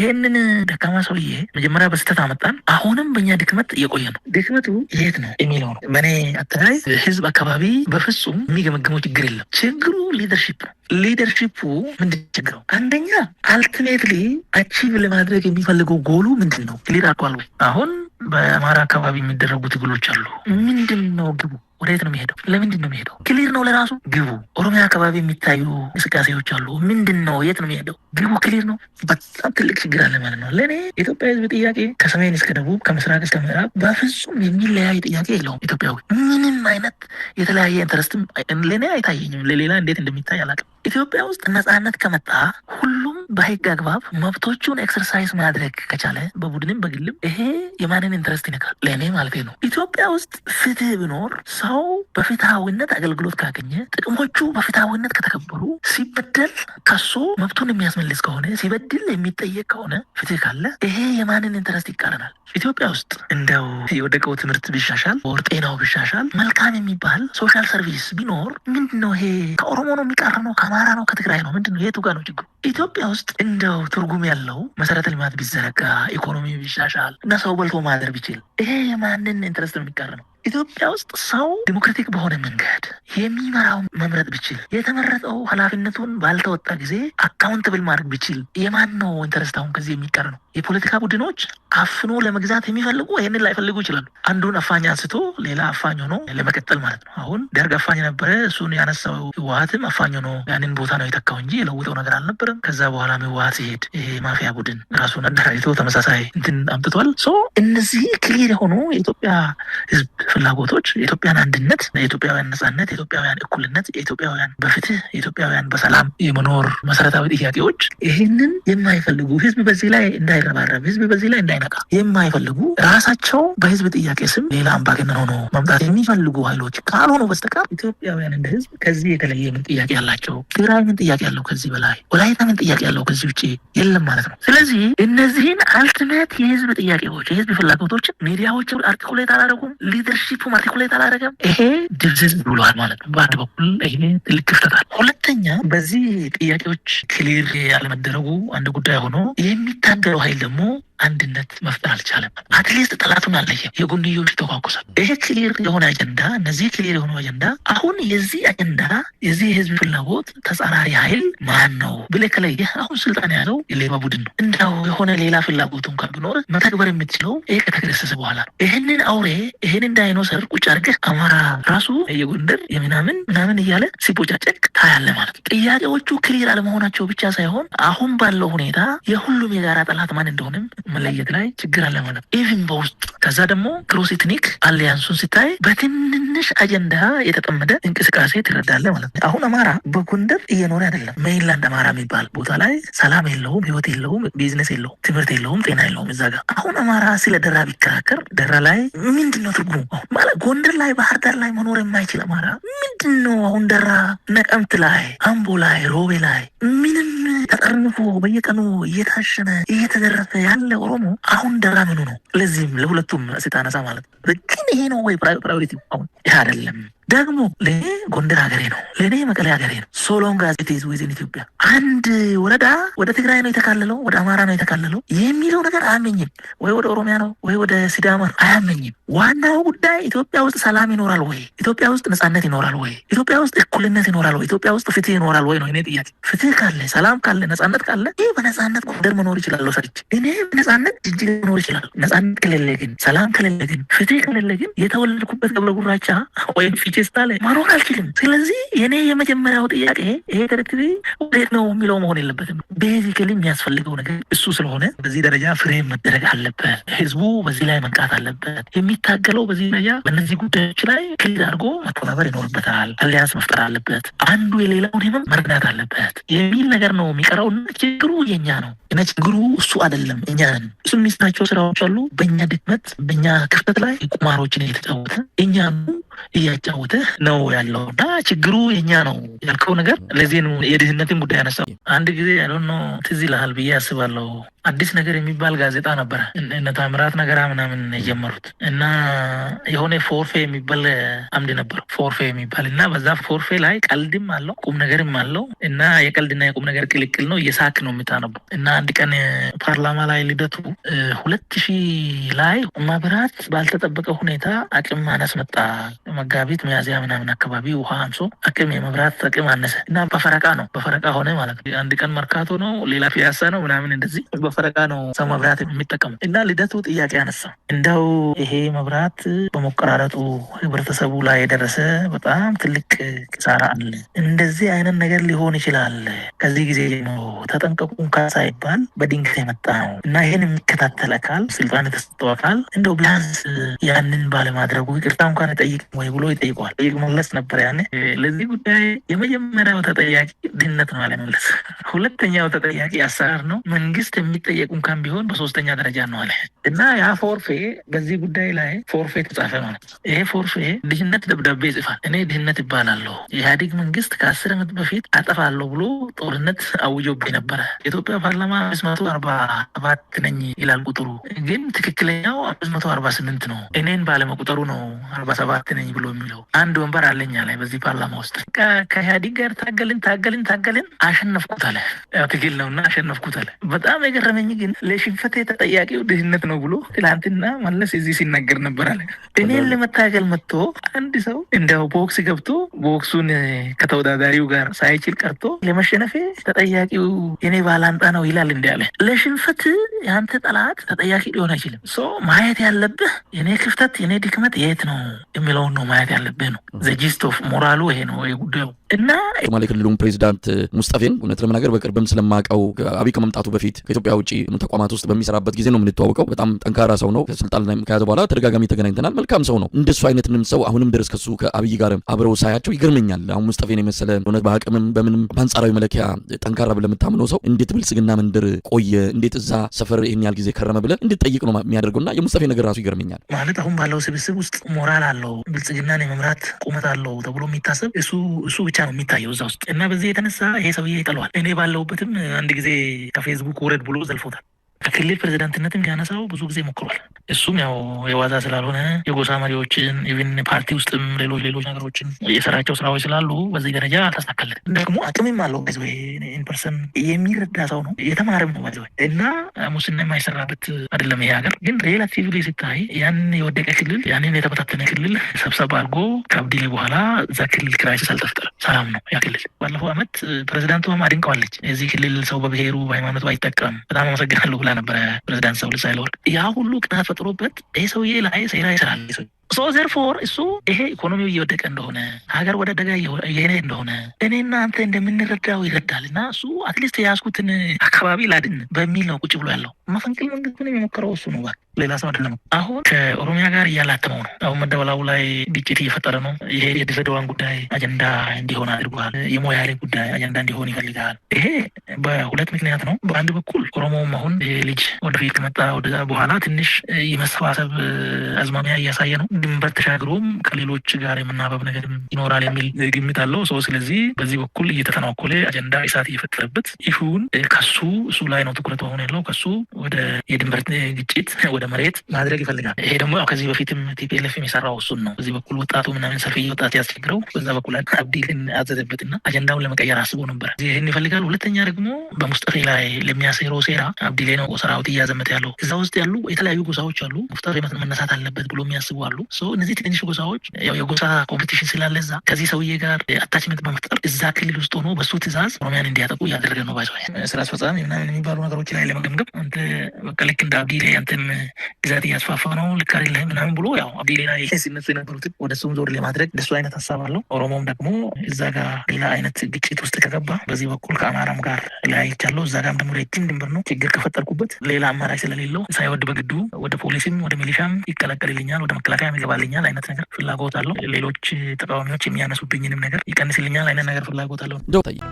ይህንን ደካማ ሰውዬ መጀመሪያ በስተት አመጣን። አሁንም በእኛ ድክመት እየቆየ ነው። ድክመቱ የት ነው የሚለው ነው። በእኔ አተያይ ህዝብ አካባቢ በፍጹም የሚገመግመው ችግር የለም። ችግሩ ሊደርሺፕ ነው። ሊደርሺፑ ምንድን ችግረው? አንደኛ አልቲሜትሊ አቺቭ ለማድረግ የሚፈልገው ጎሉ ምንድን ነው? ክሊር አሁን በአማራ አካባቢ የሚደረጉ ትግሎች አሉ። ምንድን ነው ግቡ? ወደየት ነው የሚሄደው? ለምንድን ነው የሚሄደው? ክሊር ነው ለራሱ ግቡ። ኦሮሚያ አካባቢ የሚታዩ እንቅስቃሴዎች አሉ። ምንድን ነው? የት ነው የሚሄደው? ግቡ ክሊር ነው። በጣም ትልቅ ችግር አለ ማለት ነው። ለእኔ የኢትዮጵያ ህዝብ ጥያቄ ከሰሜን እስከ ደቡብ፣ ከምስራቅ እስከ ምዕራብ በፍጹም የሚለያይ ጥያቄ የለውም። ኢትዮጵያዊ ምንም አይነት የተለያየ ኢንተረስትም ለእኔ አይታየኝም። ለሌላ እንዴት እንደሚታይ አላውቅም። ኢትዮጵያ ውስጥ ነጻነት ከመጣ ሁሉም በህግ አግባብ መብቶቹን ኤክሰርሳይዝ ማድረግ ከቻለ በቡድንም በግልም ይሄ የማንን ኢንተረስት ይነካል? ለእኔ ማለት ነው። ኢትዮጵያ ውስጥ ፍትህ ብኖር ድሃው በፍትሐዊነት አገልግሎት ካገኘ ጥቅሞቹ በፍትሐዊነት ከተከበሩ ሲበደል ከሶ መብቱን የሚያስመልስ ከሆነ ሲበድል የሚጠየቅ ከሆነ ፍትህ ካለ ይሄ የማንን ኢንተረስት ይቃረናል? ኢትዮጵያ ውስጥ እንደው የወደቀው ትምህርት ቢሻሻል ወር ጤናው ቢሻሻል መልካም የሚባል ሶሻል ሰርቪስ ቢኖር ምንድነው ይሄ? ከኦሮሞ ነው ነው? ከአማራ ነው? ከትግራይ ነው? ምንድነው? የቱ ጋር ነው ችግሩ? ኢትዮጵያ ውስጥ እንደው ትርጉም ያለው መሰረተ ልማት ቢዘረጋ ኢኮኖሚ ቢሻሻል እና ሰው በልቶ ማደር ቢችል ይሄ የማንን ኢንትረስት ነው ነው? ኢትዮጵያ ውስጥ ሰው ዲሞክራቲክ በሆነ መንገድ የሚመራው መምረጥ ቢችል የተመረጠው ኃላፊነቱን ባልተወጣ ጊዜ አካውንትብል ማድረግ ቢችል የማን ነው ኢንተረስት አሁን ከዚህ የሚቀር ነው? የፖለቲካ ቡድኖች አፍኖ ለመግዛት የሚፈልጉ ይህንን ላይፈልጉ ይችላሉ። አንዱን አፋኝ አንስቶ ሌላ አፋኝ ሆኖ ለመቀጠል ማለት ነው። አሁን ደርግ አፋኝ ነበረ፣ እሱን ያነሳው ህወሀትም አፋኝ ሆኖ ያንን ቦታ ነው የተካው እንጂ የለውጠው ነገር አልነበረም። ከዛ በኋላ ህወሀት ሲሄድ ይሄ ማፊያ ቡድን ራሱን አደራጅቶ ተመሳሳይ እንትን አምጥቷል። እነዚህ ክሊር የሆኑ የኢትዮጵያ ህዝብ ፍላጎቶች የኢትዮጵያን አንድነት፣ የኢትዮጵያውያን ነጻነት፣ የኢትዮጵያውያን እኩልነት፣ የኢትዮጵያውያን በፍትህ፣ የኢትዮጵያውያን በሰላም የመኖር መሰረታዊ ጥያቄዎች ይህንን የማይፈልጉ ህዝብ በዚህ ላይ እንዳይረባረብ፣ ህዝብ በዚህ ላይ እንዳይነቃ የማይፈልጉ ራሳቸው በህዝብ ጥያቄ ስም ሌላ አምባገነን ሆኖ መምጣት የሚፈልጉ ኃይሎች ካልሆኑ በስተቀር ኢትዮጵያውያን እንደ ህዝብ ከዚህ የተለየ ምን ጥያቄ አላቸው? ትግራይ ምን ጥያቄ ያለው ከዚህ በላይ? ወላይታ ምን ጥያቄ ያለው ከዚህ ውጭ የለም ማለት ነው። ስለዚህ እነዚህን አልትሜት የህዝብ ጥያቄዎች የህዝብ ፍላጎቶችን ሚዲያዎች አርቲኩሌት አላደረጉም ሊደር በሺቱ ማትሪኩሌት አላደረገም። ይሄ ድብዝዝ ብሏል ማለት ነው። በአንድ በኩል ይሄ ትልቅ ክፍተት አለ። ሁለተኛ በዚህ ጥያቄዎች ክሊር ያለመደረጉ አንድ ጉዳይ ሆኖ የሚታገለው ኃይል ደግሞ አንድነት መፍጠር አልቻለም። አትሊስት ጠላቱን አለየም። የጎንዮሽ ተኳኩሷል። ይሄ ክሊር የሆነ አጀንዳ እነዚህ ክሊር የሆነ አጀንዳ አሁን የዚህ አጀንዳ የዚህ የህዝብ ፍላጎት ተጻራሪ ኃይል ማን ነው ብለህ ከለየህ አሁን ስልጣን ያለው የሌባ ቡድን ነው። እንዳው የሆነ ሌላ ፍላጎት እንኳን ቢኖር መተግበር የምትችለው ይሄ ከተገሰሰ በኋላ ነው። ይህንን አውሬ ይህንን ዳይኖሰር ቁጭ አድርገህ አማራ ራሱ የጎንደር የምናምን ምናምን እያለ ሲቦጫጨቅ ታያለ ማለት ነው። ጥያቄዎቹ ክሊር አለመሆናቸው ብቻ ሳይሆን አሁን ባለው ሁኔታ የሁሉም የጋራ ጠላት ማን እንደሆነም መለየት ላይ ችግር አለ ማለት ኢቭን በውስጡ ከዛ ደግሞ ግሮስ ኢትኒክ አሊያንሱን ስታይ በትንንሽ አጀንዳ የተጠመደ እንቅስቃሴ ትረዳለ ማለት ነው። አሁን አማራ በጎንደር እየኖረ አይደለም። ሜይንላንድ አማራ የሚባል ቦታ ላይ ሰላም የለውም፣ ህይወት የለውም፣ ቢዝነስ የለውም፣ ትምህርት የለውም፣ ጤና የለውም። እዛ ጋር አሁን አማራ ስለ ደራ ቢከራከር ደራ ላይ ምንድን ነው ትርጉሙ? ማለት ጎንደር ላይ ባህር ዳር ላይ መኖር የማይችል አማራ ምንድን ነው አሁን ደራ ነቀምት ላይ አምቦ ላይ ሮቤ ላይ ምንም ተጠርንፎ በየቀኑ እየታሸነ እየተዘረፈ ያለ ኦሮሞ አሁን ደራ ምኑ ነው? ለዚህም ለሁለቱም ስታነሳ ማለት ነው ግን ይሄ ነው ወይ ፕራዮሪቲ? አሁን ይህ አይደለም። ደግሞ ለእኔ ጎንደር ሀገሬ ነው፣ ለእኔ መቀሌ ሀገሬ ነው። ሶሎን ጋዜት ዊዝን ኢትዮጵያ አንድ ወረዳ ወደ ትግራይ ነው የተካለለው፣ ወደ አማራ ነው የተካለለው የሚለው ነገር አያመኝም። ወይ ወደ ኦሮሚያ ነው ወይ ወደ ሲዳማ ነው፣ አያመኝም። ዋናው ጉዳይ ኢትዮጵያ ውስጥ ሰላም ይኖራል ወይ፣ ኢትዮጵያ ውስጥ ነጻነት ይኖራል ወይ፣ ኢትዮጵያ ውስጥ እኩልነት ይኖራል ወይ፣ ኢትዮጵያ ውስጥ ፍትህ ይኖራል ወይ ነው እኔ ጥያቄ። ፍትህ ካለ፣ ሰላም ካለ፣ ነጻነት ካለ ይህ በነጻነት ጎንደር መኖር ይችላለሁ። ሰርች እኔ በነጻነት ጅጅጋ መኖር ይችላለሁ። ነጻነት ከሌለ ግን፣ ሰላም ከሌለ ግን፣ ፍትህ ከሌለ ግን የተወለድኩበት ገብረ ጉራቻ ወይም ፊቼ ፌስታ ላይ ማሮቅ አልችልም። ስለዚህ የኔ የመጀመሪያው ጥያቄ ይሄ ተረክቢ ወዴት ነው የሚለው መሆን የለበትም። ቤዚክሊ የሚያስፈልገው ነገር እሱ ስለሆነ በዚህ ደረጃ ፍሬም መደረግ አለበት። ህዝቡ በዚህ ላይ መንቃት አለበት። የሚታገለው በዚህ ደረጃ በእነዚህ ጉዳዮች ላይ ክሊድ አድርጎ መተባበር ይኖርበታል። አሊያንስ መፍጠር አለበት። አንዱ የሌላውን ህመም መረዳት አለበት የሚል ነገር ነው የሚቀረው። እና ችግሩ የኛ ነው እና ችግሩ እሱ አይደለም እኛ ነን። እሱ የሚስናቸው ስራዎች አሉ። በእኛ ድክመት፣ በእኛ ክፍተት ላይ ቁማሮችን እየተጫወተ እኛ እያጫወተህ ነው ያለው እና ችግሩ የኛ ነው ያልከው ነገር ለዚህ የድህነትን ጉዳይ ያነሳው አንድ ጊዜ ያልሆነ ትዝ ይልሃል ብዬ አስባለሁ። አዲስ ነገር የሚባል ጋዜጣ ነበረ። እነ ታምራት ነገራ ምናምን የጀመሩት እና የሆነ ፎርፌ የሚባል አምድ ነበረው ፎርፌ የሚባል እና በዛ ፎርፌ ላይ ቀልድም አለው ቁም ነገርም አለው እና የቀልድና የቁም ነገር ቅልቅል ነው። እየሳክ ነው የምታነበው እና አንድ ቀን ፓርላማ ላይ ልደቱ ሁለት ሺ ላይ መብራት ባልተጠበቀ ሁኔታ አቅም ማነስ መጣ። መጋቢት መያዝያ ምናምን አካባቢ ውሃ አንሶ አቅም የመብራት አቅም አነሰ እና በፈረቃ ነው በፈረቃ ሆነ ማለት አንድ ቀን መርካቶ ነው፣ ሌላ ፒያሳ ነው ምናምን እንደዚህ በፈረቃ ነው ሰው መብራት የሚጠቀሙ እና ልደቱ ጥያቄ አነሳ። እንደው ይሄ መብራት በመቆራረጡ ህብረተሰቡ ላይ የደረሰ በጣም ትልቅ ኪሳራ አለ። እንደዚህ አይነት ነገር ሊሆን ይችላል። ከዚህ ጊዜ ነው ተጠንቀቁ እንኳ ሳይባል በድንገት የመጣ ነው እና ይህን የሚከታተል አካል ስልጣን የተሰጠው አካል እንደው ቢያንስ ያንን ባለማድረጉ ይቅርታ እንኳን ጠይቅ ወይ ብሎ ይጠይቋል። ጠይቅ መለስ ነበር ያኔ ለዚህ ጉዳይ የመጀመሪያው ተጠያቂ ድህነት ነው አለመለስ። ሁለተኛው ተጠያቂ አሰራር ነው መንግስት የሚ የሚጠየቁ እንኳን ቢሆን በሶስተኛ ደረጃ ነው አለ እና ያ ፎርፌ በዚህ ጉዳይ ላይ ፎርፌ ተጻፈ ማለት ነው። ይሄ ፎርፌ ድህነት ደብዳቤ ይጽፋል። እኔ ድህነት ይባላለሁ። የኢህአዴግ መንግስት ከአስር ዓመት በፊት አጠፋለሁ ብሎ ጦርነት አውጆብኝ ነበረ። የኢትዮጵያ ፓርላማ አምስት መቶ አርባ ሰባት ነኝ ይላል ቁጥሩ፣ ግን ትክክለኛው አምስት መቶ አርባ ስምንት ነው። እኔን ባለመቁጠሩ ነው አርባ ሰባት ነኝ ብሎ የሚለው። አንድ ወንበር አለኛ ላይ በዚህ ፓርላማ ውስጥ ከኢህአዴግ ጋር ታገልን ታገልን ታገልን አሸነፍኩት አለ። ትግል ነውና አሸነፍኩት አለ። በጣም የገረ የገረመኝ ግን ለሽንፈት ተጠያቂው ድህነት ነው ብሎ ትላንትና መለስ እዚህ ሲናገር ነበራል። እኔን ለመታገል መጥቶ አንድ ሰው እንዲያው ቦክስ ገብቶ ቦክሱን ከተወዳዳሪው ጋር ሳይችል ቀርቶ ለመሸነፌ ተጠያቂው የኔ ባላንጣ ነው ይላል እንዲ እንዳለ። ለሽንፈት የአንተ ጠላት ተጠያቂ ሊሆን አይችልም። ሶ ማየት ያለብህ የኔ ክፍተት የኔ ድክመት የት ነው የሚለውን ነው ማየት ያለብህ ነው። ዘጂስት ኦፍ ሞራሉ ይሄ ነው ጉዳዩ እና ሶማሌ ክልሉን ፕሬዚዳንት ሙስጠፌን እውነት ለመናገር በቅርብም ስለማውቀው አብይ ከመምጣቱ በፊት ከኢትዮጵያ ውጭ ተቋማት ውስጥ በሚሰራበት ጊዜ ነው የምንተዋወቀው። በጣም ጠንካራ ሰው ነው። ስልጣን ላይ ከያዘ በኋላ ተደጋጋሚ ተገናኝተናል። መልካም ሰው ነው። እንደሱ አይነትንም ሰው አሁንም ድረስ ከሱ ከአብይ ጋር አብረው ሳያቸው ይገርመኛል። አሁን ሙስጠፌን የመሰለ እውነት በአቅምም በምንም በአንጻራዊ መለኪያ ጠንካራ ብለህ የምታምነው ሰው እንዴት ብልጽግና መንደር ቆየ፣ እንዴት እዛ ሰፈር ይህን ያህል ጊዜ ከረመ ብለህ እንድትጠይቅ ነው የሚያደርገው እና የሙስጠፌ ነገር ራሱ ይገርመኛል። ማለት አሁን ባለው ስብስብ ውስጥ ሞራል አለው፣ ብልጽግናን የመምራት ቁመት አለው ተብሎ የሚታሰብ እሱ እሱ ብቻ ነው የሚታየው እዛ ውስጥ እና በዚህ የተነሳ ይሄ ሰውዬ ይጠለዋል። እኔ ባለውበትም አንድ ጊዜ ከፌስቡክ ውረድ ብሎ الفضل ከክልል ፕሬዚዳንትነትም ሊያነሳው ብዙ ጊዜ ሞክሯል። እሱም ያው የዋዛ ስላልሆነ የጎሳ መሪዎችን ኢቭን ፓርቲ ውስጥም ሌሎች ሌሎች ነገሮችን የሰራቸው ስራዎች ስላሉ በዚህ ደረጃ አልተሳካለትም። ደግሞ አቅምም አለው ባይዘ ኢንፐርሰን የሚረዳ ሰው ነው፣ የተማረም ነው ባይዘ እና ሙስና የማይሰራበት አይደለም ይሄ ሀገር። ግን ሬላቲቭሊ ሲታይ ያን የወደቀ ክልል ያንን የተበታተነ ክልል ሰብሰብ አድርጎ ከአብዲሌ በኋላ እዛ ክልል ክራይሲስ አልተፈጠረም። ሰላም ነው ያ ክልል። ባለፈው አመት ፕሬዚዳንቱ አድንቀዋለች። የዚህ ክልል ሰው በብሔሩ በሃይማኖቱ አይጠቀም በጣም አመሰግናለሁ ብላ ነበረ ፕሬዚዳንት ሳህለወርቅ ያ ሁሉ ቅናት ፈጥሮበት ይህ ሰውዬ ለአይ ሰራ ይሰራል ሶ ዘርፎር እሱ ይሄ ኢኮኖሚው እየወደቀ እንደሆነ ሀገር ወደ አደጋ እየሄደ እንደሆነ እኔ እናንተ እንደምንረዳው ይረዳል እና እሱ አትሊስት የያዝኩትን አካባቢ ላድን በሚል ነው ቁጭ ብሎ ያለው። መፈንቅል መንግስት የሞከረው እሱ ነው። ሌላ ሰው አይደለም። አሁን ከኦሮሚያ ጋር እያላተመው ነው። አሁን መደበላው ላይ ግጭት እየፈጠረ ነው። ይሄ የድሬዳዋን ጉዳይ አጀንዳ እንዲሆን አድርጓል። የሞያሌ ጉዳይ አጀንዳ እንዲሆን ይፈልጋል። ይሄ በሁለት ምክንያት ነው። በአንድ በኩል ኦሮሞውም አሁን ልጅ ወደፊት ከመጣ ወደ በኋላ ትንሽ የመሰባሰብ አዝማሚያ እያሳየ ነው ድንበር ተሻግሮም ከሌሎች ጋር የምናበብ ነገር ይኖራል የሚል ግምት አለው ሰው። ስለዚህ በዚህ በኩል እየተተናኮለ አጀንዳ እሳት እየፈጠረበት ይሁን ከሱ እሱ ላይ ነው ትኩረት መሆን ያለው። ከሱ ወደ የድንበር ግጭት ወደ መሬት ማድረግ ይፈልጋል። ይሄ ደግሞ ከዚህ በፊትም ቲፒኤልኤፍ የሚሰራው እሱን ነው። በዚህ በኩል ወጣቱ ምናምን ሰልፍ ወጣት ያስቸግረው፣ በዛ በኩል አብዲልን አዘዘበትና አጀንዳውን ለመቀየር አስቦ ነበር። ይህን ይፈልጋል። ሁለተኛ ደግሞ በሙስጠፌ ላይ ለሚያሴረው ሴራ አብዲሌ ነው ሰራዊት እያዘመተ ያለው። እዛ ውስጥ ያሉ የተለያዩ ጎሳዎች አሉ። ሙስጠፌ መነሳት አለበት ብሎ የሚያስቡ አሉ። እነዚህ ትንንሽ ጎሳዎች ያው የጎሳ ኮምፒቲሽን ስላለ እዛ ከዚህ ሰውዬ ጋር አታችመንት በመፍጠር እዛ ክልል ውስጥ ሆኖ በሱ ትእዛዝ ኦሮሚያን እንዲያጠቁ እያደረገ ነው። ባይዘ ስራ አስፈጻሚ ምናምን የሚባሉ ነገሮች ላይ ለመገምገም አንተ በቃ ልክ እንደ አብዲ ላይ አንተም ግዛት እያስፋፋ ነው ልክ አይደለህም ምናምን ብሎ ያው አብዲ ላይ ሲነሱ የነበሩትን ወደ ሱም ዞር ለማድረግ እንደሱ አይነት ሀሳብ አለው። ኦሮሞም ደግሞ እዛ ጋር ሌላ አይነት ግጭት ውስጥ ከገባ በዚህ በኩል ከአማራም ጋር ለያይቻለው እዛ ጋም ደግሞ ረጅም ድንበር ነው ችግር ከፈጠርኩበት ሌላ አማራጭ ስለሌለው ሳይወድ በግዱ ወደ ፖሊስም ወደ ሚሊሻም ይቀላቀልልኛል ወደ መከላከያ ይገባልኛል አይነት ነገር ፍላጎት አለው። ሌሎች ተቃዋሚዎች የሚያነሱብኝንም ነገር ይቀንስልኛል አይነት ነገር ፍላጎት አለው።